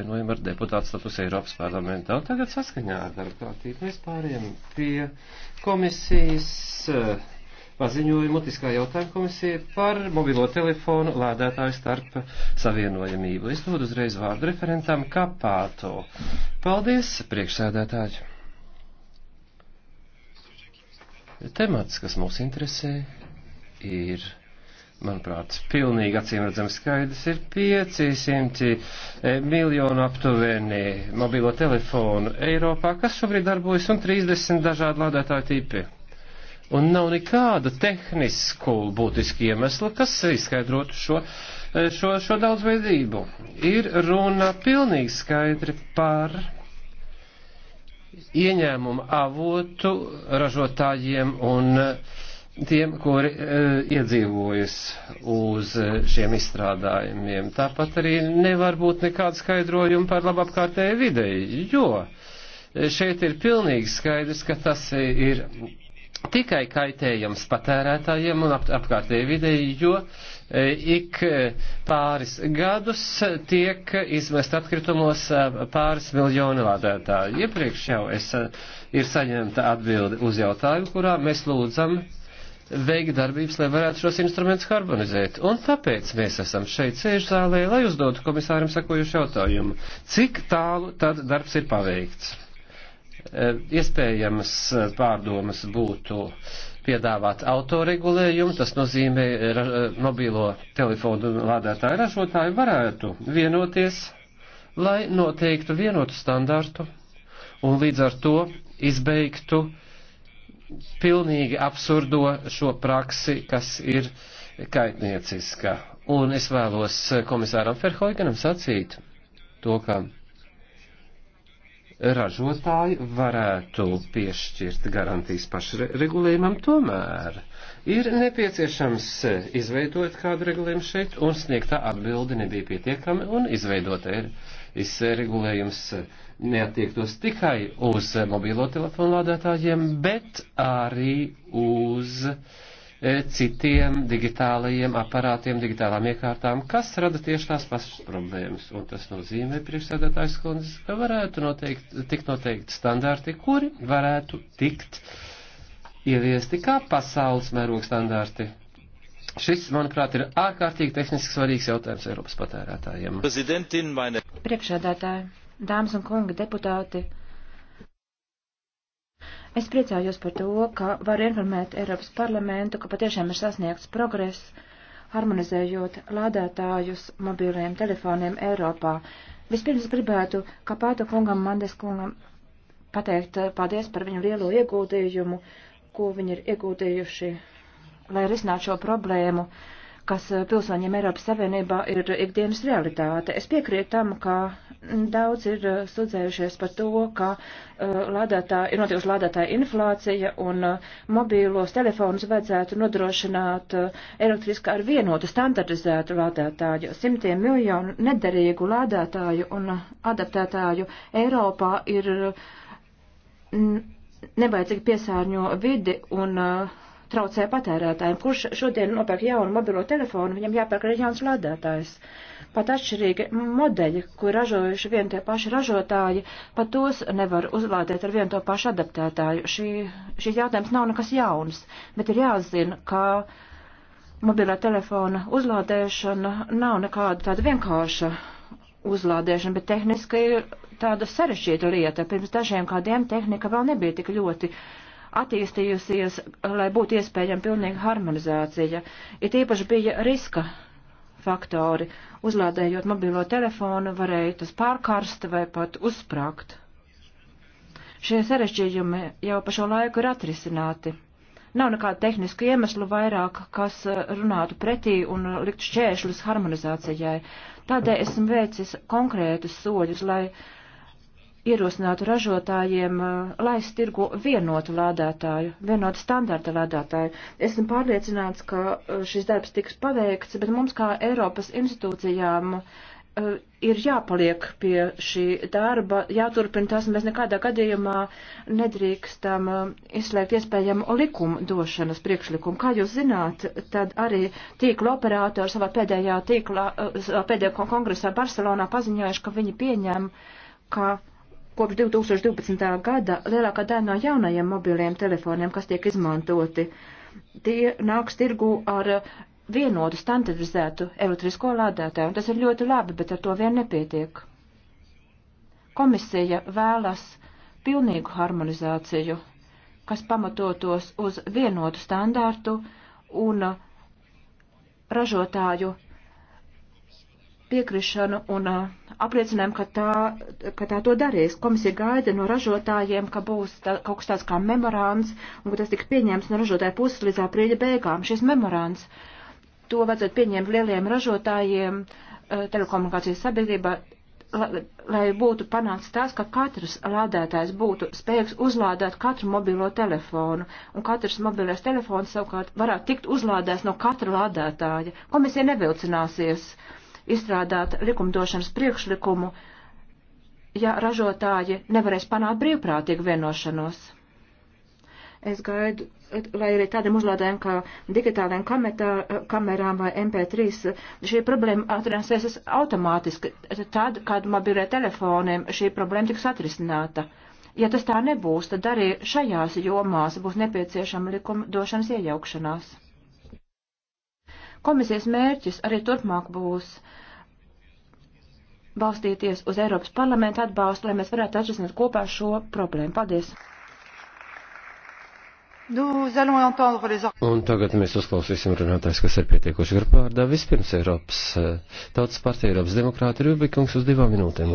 vienojam ar deputātu status Eiropas parlamentā. Un tagad saskaņā ar darba kārtību mēs pāriem pie komisijas eh, paziņojumu mutiskā jautājuma komisija par mobilo telefonu lādētāju starp savienojamību. Es dodu uzreiz vārdu referentam Kapāto. Paldies, priekšsēdētāji. Temats, kas mūs interesē, ir manuprāt, pilnīgi acīmredzami skaidrs, ir 500 e, miljonu aptuveni mobilo telefonu Eiropā, kas šobrīd darbojas, un 30 dažādi lādētāju tipi. Un nav nekāda tehnisku būtiski iemesla, kas izskaidrotu šo, e, šo, šo daudzveidību. Ir runa pilnīgi skaidri par ieņēmumu avotu ražotājiem un uh, tiem, kuri e, iedzīvojas uz e, šiem izstrādājumiem. Tāpat arī nevar būt nekāda skaidrojuma par labapkārtēju videi, jo e, šeit ir pilnīgi skaidrs, ka tas e, ir tikai kaitējams patērētājiem un ap, apkārtēju videi, jo ik pāris gadus tiek izmest atkritumos pāris miljoni lādētāju. Iepriekš jau es, ir saņemta atbildi uz jautājumu, kurā mēs lūdzam veikt darbības, lai varētu šos instrumentus harmonizēt. Un tāpēc mēs esam šeit sēžzālē, lai uzdotu komisāram sakojuši jautājumu. Cik tālu tad darbs ir paveikts? E, iespējams pārdomas būtu piedāvāt autoregulējumu, tas nozīmē e, mobīlo telefonu lādētāju ražotāju varētu vienoties, lai noteiktu vienotu standartu un līdz ar to izbeigtu uh, pilnīgi absurdo šo praksi, kas ir kaitnieciska. Un es vēlos komisāram Ferhoiganam sacīt to, ka ražotāji varētu piešķirt garantijas pašregulējumam, tomēr ir nepieciešams izveidot kādu regulējumu šeit, un sniegtā atbildi nebija pietiekami, un izveidota ir Eh, regulējums eh, neatiektos tikai uz eh, mobilo telefonu lādētājiem, bet arī uz citiem digitālajiem aparātiem, digitālām iekārtām, kas rada tieši tās pašas problēmas. Un tas nozīmē, priekšsēdētājs kundzes, ka varētu noteikt, tikt noteikti standarti, kuri varētu tikt ieviesti kā pasaules mēroga standarti Šis, manuprāt, ir ārkārtīgi tehniski svarīgs jautājums Eiropas patērētājiem. Meine... Priekšādātāji, dāmas un kungi, deputāti. Es priecājos par to, ka var informēt Eiropas parlamentu, ka patiešām ir sasniegts progress, harmonizējot lādētājus mobiliem telefoniem Eiropā. Vispirms gribētu, kā pāta kungam, Mandes kungam, pateikt eh, paldies par viņu lielo ieguldījumu, ko viņi ir ieguldījuši lai risinātu šo problēmu, kas eh, pilsoņiem Eiropas Savienībā ir ikdienas realitāte. Es piekrītu tam, ka daudz ir eh, sudzējušies par to, ka uh, lādētā, ir notikusi lādētāja inflācija un uh, mobīlos telefonus vajadzētu nodrošināt uh, elektriski ar vienotu standartizētu lādētāju. Simtiem miljonu nederīgu lādētāju un adaptētāju Eiropā ir nebaidzīgi piesārņo vidi un uh, traucē patērētājiem. Kurš šodien nopērk jaunu mobilo telefonu, viņam jāpērk arī jauns lādētājs. Pat atšķirīgi modeļi, ko ražojuši vien tie paši ražotāji, pat tos nevar uzlādēt ar vien to pašu adaptētāju. Šī, šī jautājums nav nekas jauns, bet ir jāzina, ka mobilā telefona uzlādēšana nav nekāda tāda vienkārša uzlādēšana, bet tehniski tāda sarežģīta lieta. Pirms dažiem kādiem tehnika vēl nebija tik ļoti uh, attīstījusies, lai būtu iespējama pilnīga harmonizācija. Ir īpaši bija riska faktori. Uzlādējot mobilo telefonu, varēja tas pārkarst vai pat uzsprākt. Šie sarežģījumi jau pa šo laiku ir atrisināti. Nav nekādu tehnisku iemeslu vairāk, kas eh, runātu pretī un liktu šķēršļus harmonizācijai. Tādēļ esmu veicis konkrētus soļus, lai ierosinātu ražotājiem laist tirgu vienotu lādētāju, vienotu standarta lādētāju. Esmu pārliecināts, ka šis darbs tiks paveikts, bet mums kā Eiropas institūcijām ir jāpaliek pie šī darba, jāturpina tas, mēs nekādā gadījumā nedrīkstam izslēgt iespējamu likumu došanas priekšlikumu. Kā jūs zināt, tad arī tīkla operātori savā pēdējā tīkla, savā pēdējā kongresā Barcelonā paziņojuši, ka viņi pieņem, ka Kopš 2012. gada lielākā daļa no jaunajiem mobiliem telefoniem, kas tiek izmantoti, tie nāks tirgu ar vienotu standardizētu elektrisko lādētāju, un tas ir ļoti labi, bet ar to vien nepietiek. Komisija vēlas pilnīgu harmonizāciju, kas pamatotos uz vienotu standārtu un ražotāju piekrišanu un apliecinājumu, ka tā, ka tā to darīs. Komisija gaida no ražotājiem, ka būs tā, kaut kas tāds kā memorāns un ka tas tiks pieņemts no ražotāja puses līdz aprīļa beigām. Šis memorāns, to vajadzētu pieņemt lieliem ražotājiem, telekomunikācijas sabiedrībā, lai, lai būtu panāks tas, ka katrs lādētājs būtu spējīgs uzlādēt katru mobilo telefonu, un katrs mobilais telefons savukārt varētu tikt uzlādēts no katra lādētāja. Komisija nevilcināsies. Uh, izstrādāt likumdošanas priekšlikumu, ja ražotāji nevarēs panākt brīvprātīgu vienošanos. Es gaidu, lai arī tādiem uzlādēm kā digitāliem kametā, kamerām vai MP3 šī problēma atrasēsies automātiski, tad, kad mobilē telefoniem šī problēma tiks atrisināta. Ja tas tā nebūs, tad arī šajās jomās būs nepieciešama likumdošanas iejaukšanās. Komisijas mērķis arī turpmāk būs balstīties uz Eiropas parlamentu atbalstu, lai mēs varētu atrisināt kopā šo problēmu. Paldies! Un tagad mēs uzklausīsim runātājs, kas ir pietiekuši gar pārdā. Vispirms Eiropas eh, Tautas partija Eiropas demokrāta Rubikungs uz divām minūtēm.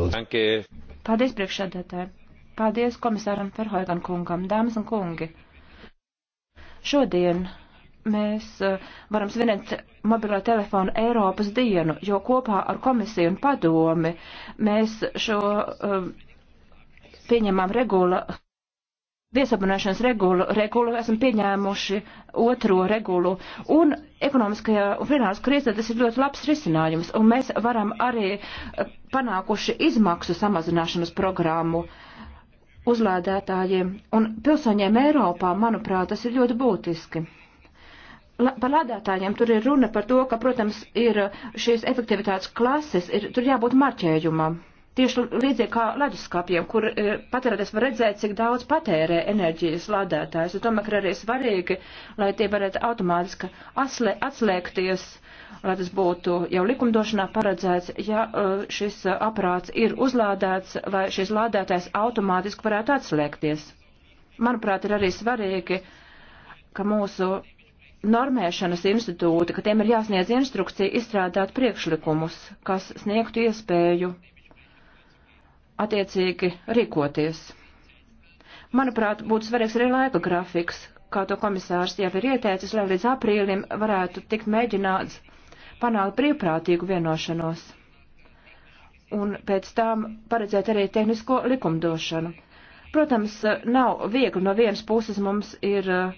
Paldies priekšsēdētāji. Paldies komisāram Ferhoigan kungam, dāmas un kungi. Šodien mēs eh, varam svinēt mobilo telefonu Eiropas dienu, jo kopā ar komisiju un padomi mēs šo eh, pieņemām regula, viesabunēšanas regulu, regulu esam pieņēmuši otro regulu, un ekonomiskajā un finansu krīzē tas ir ļoti labs risinājums, un mēs varam arī eh, panākuši izmaksu samazināšanas programmu uzlādētājiem, un pilsoņiem Eiropā, manuprāt, tas ir ļoti būtiski. La, par lādētājiem tur ir runa par to, ka, protams, ir šīs efektivitātes klases, ir, tur jābūt marķējumam. Tieši līdzīgi kā leduskapiem, kur e, patērētājs var redzēt, cik daudz patērē enerģijas lādētājs. Es domāju, ka arī svarīgi, lai tie varētu automātiski atslē, atslēgties, lai tas būtu jau likumdošanā paredzēts, ja e, šis aprāts ir uzlādēts, lai šis lādētājs automātiski varētu atslēgties. Manuprāt, ir arī svarīgi, ka mūsu normēšanas institūti, ka tiem ir jāsniedz instrukcija izstrādāt priekšlikumus, kas sniegtu iespēju attiecīgi rīkoties. Manuprāt, būtu svarīgs arī laika grafiks, kā to komisārs jau ir ieteicis, lai līdz aprīlim varētu tikt mēģināts panākt brīvprātīgu vienošanos. Un pēc tam paredzēt arī tehnisko likumdošanu. Protams, nav viegli no vienas puses mums ir uh,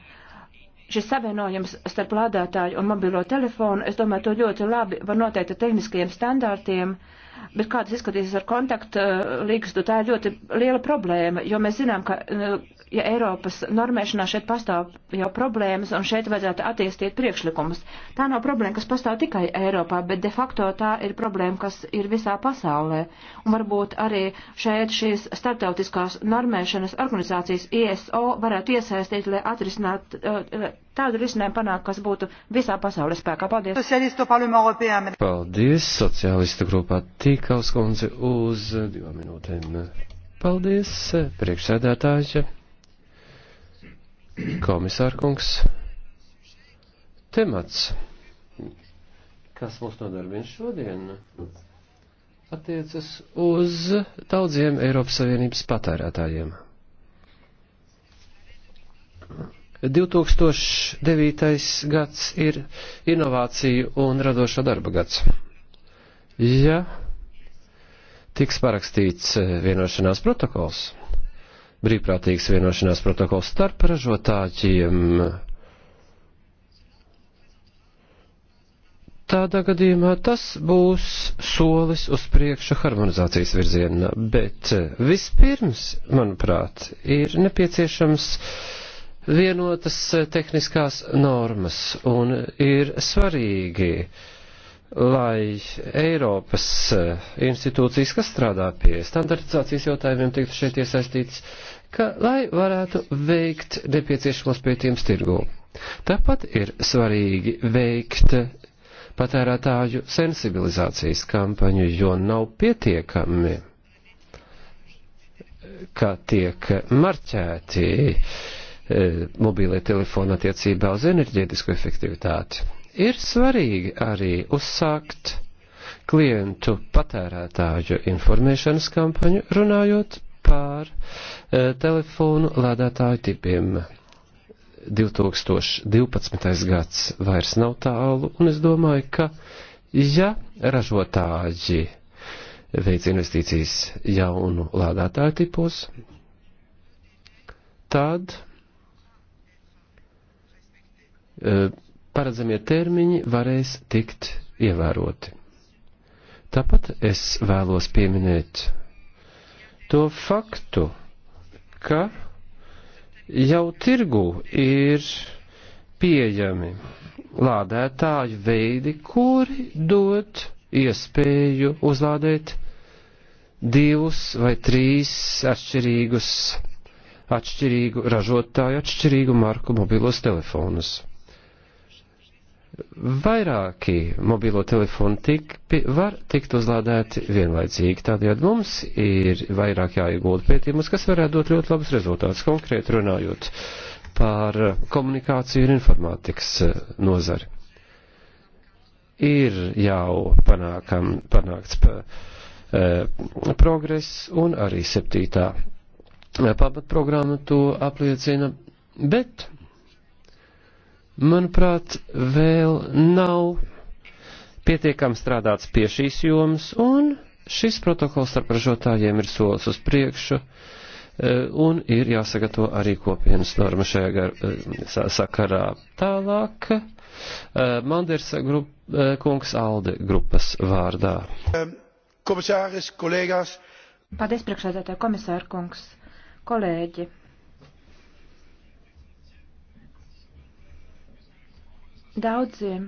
šis savienojums starp lādētāju un mobilo telefonu, es domāju, to ļoti labi var noteikt ar tehniskajiem standārtiem, uh, bet kā tas izskatīsies ar kontaktu eh, līgstu, nu, tā ir ļoti liela problēma, jo mēs zinām, ka, eh, ja Eiropas normēšanā šeit pastāv jau problēmas un šeit vajadzētu attīstīt priekšlikumus, tā nav problēma, kas pastāv tikai Eiropā, bet de facto tā ir problēma, kas ir visā pasaulē. Un varbūt arī šeit šīs starptautiskās normēšanas organizācijas ISO varētu iesaistīt, lai atrisināt. Uh, tādu risinājumu panākt, kas būtu visā pasaulē spēkā. Paldies! Paldies, sociālistu grupā Tīkaus kundze uz divām minūtēm. Paldies, priekšsēdētāja, komisārkungs. Temats, kas mums nodarbina šodien, attiecas uz daudziem Eiropas Savienības patērētājiem. 2009. gads ir inovāciju un radošo darba gads. Ja tiks parakstīts eh, vienošanās protokols, brīvprātīgs vienošanās protokols starp ražotāķiem, tādā gadījumā tas būs solis uz priekšu harmonizācijas virzienā, bet eh, vispirms, manuprāt, ir nepieciešams uh, vienotas eh, tehniskās normas un ir svarīgi, lai Eiropas eh, institūcijas, kas strādā pie standartizācijas jautājumiem, tiktu šeit iesaistītas, ka, lai varētu veikt nepieciešamos pētījumus tirgū. Tāpat ir svarīgi veikt patērētāju sensibilizācijas kampaņu, jo nav pietiekami, ka tiek marķēti uh, E, mobīlie telefoni attiecībā uz enerģētisko efektivitāti. Ir svarīgi arī uzsākt klientu patērētāju informēšanas kampaņu, runājot par e, telefonu lādētāju tipiem. 2012. gads vairs nav tālu, un es domāju, ka, ja ražotāji veic investīcijas jaunu lādētāju tipos, tad E, paredzamie termiņi varēs tikt ievēroti. Tāpat es vēlos pieminēt to faktu, ka jau tirgu ir pieejami lādētāju veidi, kuri dod iespēju uzlādēt divus vai trīs atšķirīgus, atšķirīgu ražotāju, atšķirīgu marku mobilos telefonus vairāki mobilo telefonu tik, var tikt uzlādēti vienlaicīgi. Tādējādi mums ir vairāk jāiegulda pētījumus, kas varētu dot ļoti labus rezultātus, konkrēti runājot par komunikāciju un informātikas eh, nozari. Ir jau panākam, panākts pa, e, progress un arī septītā eh, pamatprogramma to apliecina, bet manuprāt, vēl nav pietiekami strādāts pie šīs jomas, un šis protokols ar ražotājiem ir solis uz priekšu, eh, un ir jāsagatavo arī kopienas norma šajā gar, eh, sakarā. Tālāk, eh, Manders grup, kungs Alde grupas vārdā. Komisāris, kolēgās. Paldies, priekšsēdētāji, komisāra kungs, kolēģi. Daudziem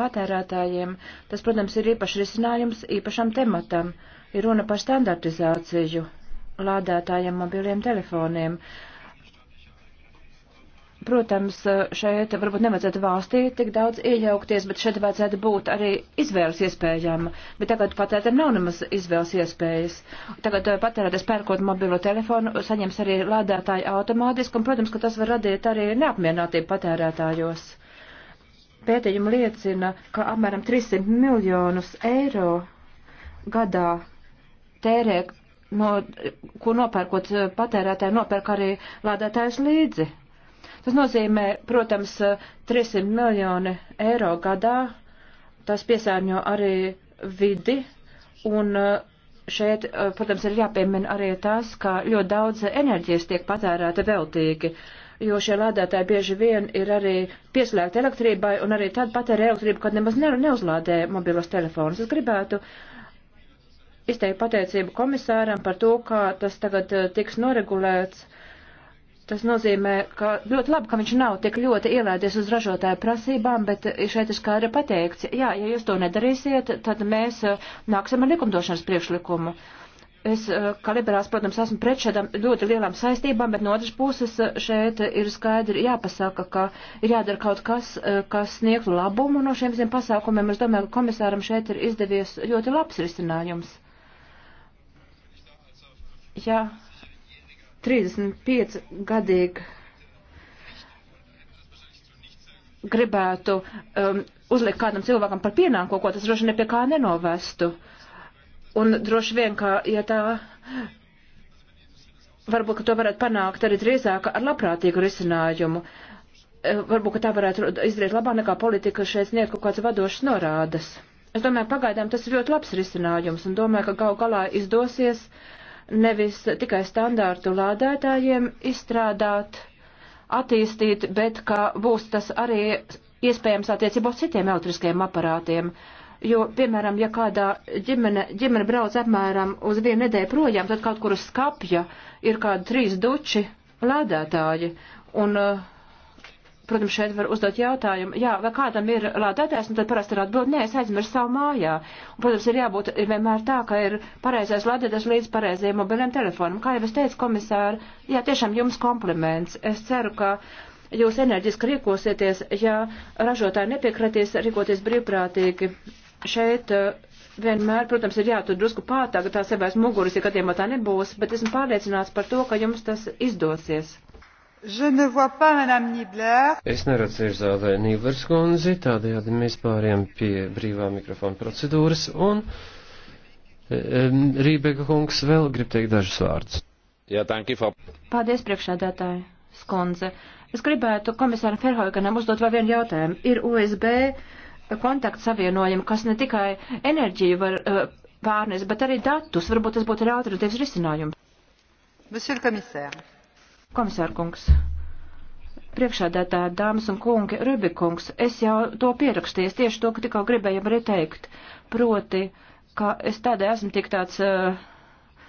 patērētājiem tas, protams, ir īpašs risinājums īpašam tematam. Ir runa par standartizāciju lādētājiem mobiliem telefoniem. Protams, šeit varbūt nevajadzētu valstī tik daudz iejaukties, bet šeit vajadzētu būt arī izvēles iespējām. Bet tagad patērētājiem nav nemaz izvēles iespējas. Tagad eh, patērētājs pērkot mobilo telefonu, saņems arī lādētāju automātiski, un, protams, ka tas var radīt arī neapmierinātību patērētājos. Pētījumi liecina, ka apmēram 300 miljonus eiro gadā tērē, no, ko nopērkot patērētāji, nopērk arī lādētājs līdzi. Tas nozīmē, protams, 300 miljoni eiro gadā. Tas piesārņo arī vidi. Un eh, šeit, eh, protams, ir jāpiemina arī tas, ka ļoti daudz enerģijas tiek patērēta veltīgi. Uh, jo šie lādētāji bieži vien ir arī pieslēgti elektrībai un arī tad patērē elektrību, kad nemaz ne, neuzlādē mobilos telefonus. Es gribētu izteikt pateicību komisāram par to, kā tas tagad eh, tiks noregulēts. Tas nozīmē, ka ļoti labi, ka viņš nav tik ļoti ielēdies uz ražotāju prasībām, bet šeit ir skaidri pateikts, jā, ja jūs to nedarīsiet, tad mēs eh, nāksim ar likumdošanas priekšlikumu. Uh, Es eh, kā liberāls, protams, esmu pret šādām ļoti lielām saistībām, bet no otras puses eh, šeit ir skaidri jāpasaka, ka ir jādara kaut kas, eh, kas sniegtu labumu no šiem visiem pasākumiem. Es domāju, ka komisāram šeit ir izdevies ļoti labs risinājums. Jā, 35 gadīgi gribētu um, uzlikt kādam cilvēkam par pienākumu, ko tas droši nepie kā nenovestu. Uh, Un droši vien, ka, ja tā, varbūt, ka to varētu panākt arī drīzāk ar labprātīgu risinājumu. E, varbūt, ka tā varētu izdarīt labāk nekā politika šeit sniegt kaut kāds vadošs norādes. Es domāju, pagaidām tas ir ļoti labs risinājums un domāju, ka gal galā izdosies nevis tikai standārtu lādētājiem izstrādāt, attīstīt, bet ka būs tas arī iespējams attiecībā uz citiem elektriskiem aparātiem. Uh, Jo, piemēram, ja kādā ģimene, ģimene brauc apmēram uz vienu nedēļu projām, tad kaut kur uz skapja ir kādi trīs duči lādētāji. Un, eh, protams, šeit var uzdot jautājumu, jā, vai kādam ir lādētājs, un tad parasti ir atbild, nē, es aizmirsu savu mājā. Un, protams, ir jābūt ir vienmēr tā, ka ir pareizais lādētājs līdz pareizajiem mobiliem telefonam. Kā jau es teicu, komisāri, jā, tiešām jums kompliments. Es ceru, ka jūs enerģiski rīkosieties, ja ražotāji nepiekratīs rīkoties brīvprātīgi šeit eh, vienmēr, protams, ir jātur drusku pātā, ka tā sev aiz muguras, ja gadījumā tā nebūs, bet esmu pārliecināts par to, ka jums tas izdosies. Ne pas, es neredzu ir zālē Nīblers kundzi, tādējādi mēs pāriem pie brīvā mikrofona procedūras, un um, Rībeka kungs vēl grib teikt dažus vārdus. Jā, tanki, fa. Paldies, priekšādātāji, skundze. Es gribētu komisāram Ferhoiganam uzdot vēl vienu jautājumu. Ir USB kontaktsavienojumi, kas ne tikai enerģiju var uh, eh, pārnes, bet arī datus. Varbūt tas būtu ir alternatīvs risinājums. Monsieur le commissaire. Komisārkungs. Priekšādētāji, dāmas un kungi, Rubikungs, es jau to pierakstīju, tieši to, ka tikko gribēju arī teikt. Proti, ka es tādēļ esmu tik tāds uh, eh,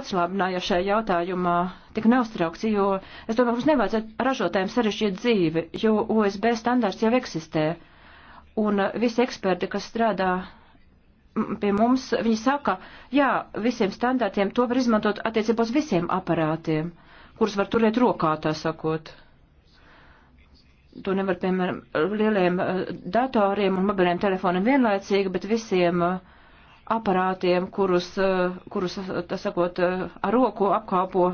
atslābinājies šajā jautājumā, tik neustraukts, jo es domāju, mums nevajadzētu ražotājiem sarežģīt dzīvi, jo OSB standārts jau eksistē. Uh, un visi eksperti, kas strādā pie mums, viņi saka, jā, visiem standartiem to var izmantot attiecībos visiem aparātiem, kurus var turēt rokā, tā sakot. To nevar, piemēram, lieliem eh, datoriem un mobiliem telefoniem vienlaicīgi, bet visiem eh, aparātiem, kurus, eh, kurus tā sakot, ar roku apkalpo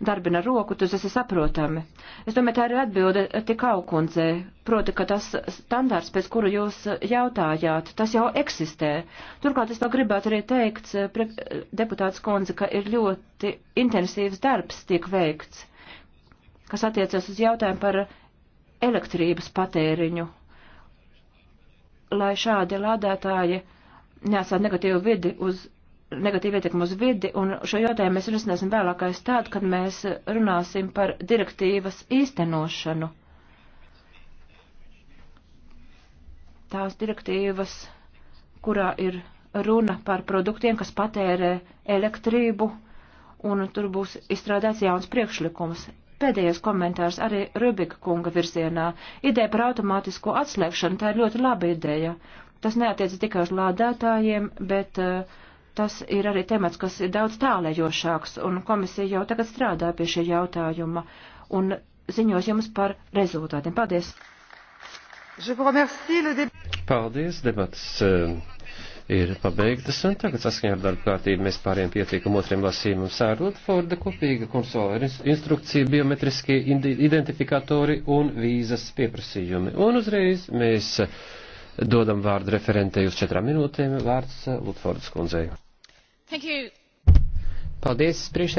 darbina roku, tas esi saprotami. Es domāju, tā ir atbilde tik augundzē, proti, ka tas standārs, pēc kuru jūs jautājāt, tas jau eksistē. Turklāt es vēl gribētu arī teikt, deputāts Konze, ka ir ļoti intensīvs darbs tiek veikts, kas attiecas uz jautājumu par elektrības patēriņu, lai šādi lādētāji nesā negatīvu vidi uz negatīva ietekma uz vidi, un šo jautājumu mēs runāsim vēlākais tād, kad mēs runāsim par direktīvas īstenošanu. Tās direktīvas, kurā ir runa par produktiem, kas patērē elektrību, un tur būs izstrādāts jauns priekšlikums. Pēdējais komentārs arī Rubika kunga virzienā. Ideja par automātisko atslēgšanu tā ir ļoti laba ideja. Tas neatiec tikai uz lādētājiem, bet uh, Tas ir arī temats, kas ir daudz tālējošāks, un komisija jau tagad strādā pie šī jautājuma un ziņos jums par rezultātiem. Paldies! Paldies, debats eh, ir pabeigtas, un tagad saskaņā ar darba kārtību mēs pāriem pietiekam otriem lasījumam sērlot Forda kopīga konsolēra instrukcija biometriskie identifikatori un vīzas pieprasījumi. Un uzreiz mēs dodam vārdu referentei uz četrām minūtēm. Vārds eh, Lutfordas kundzei. Paldies, priekšsēdētāji!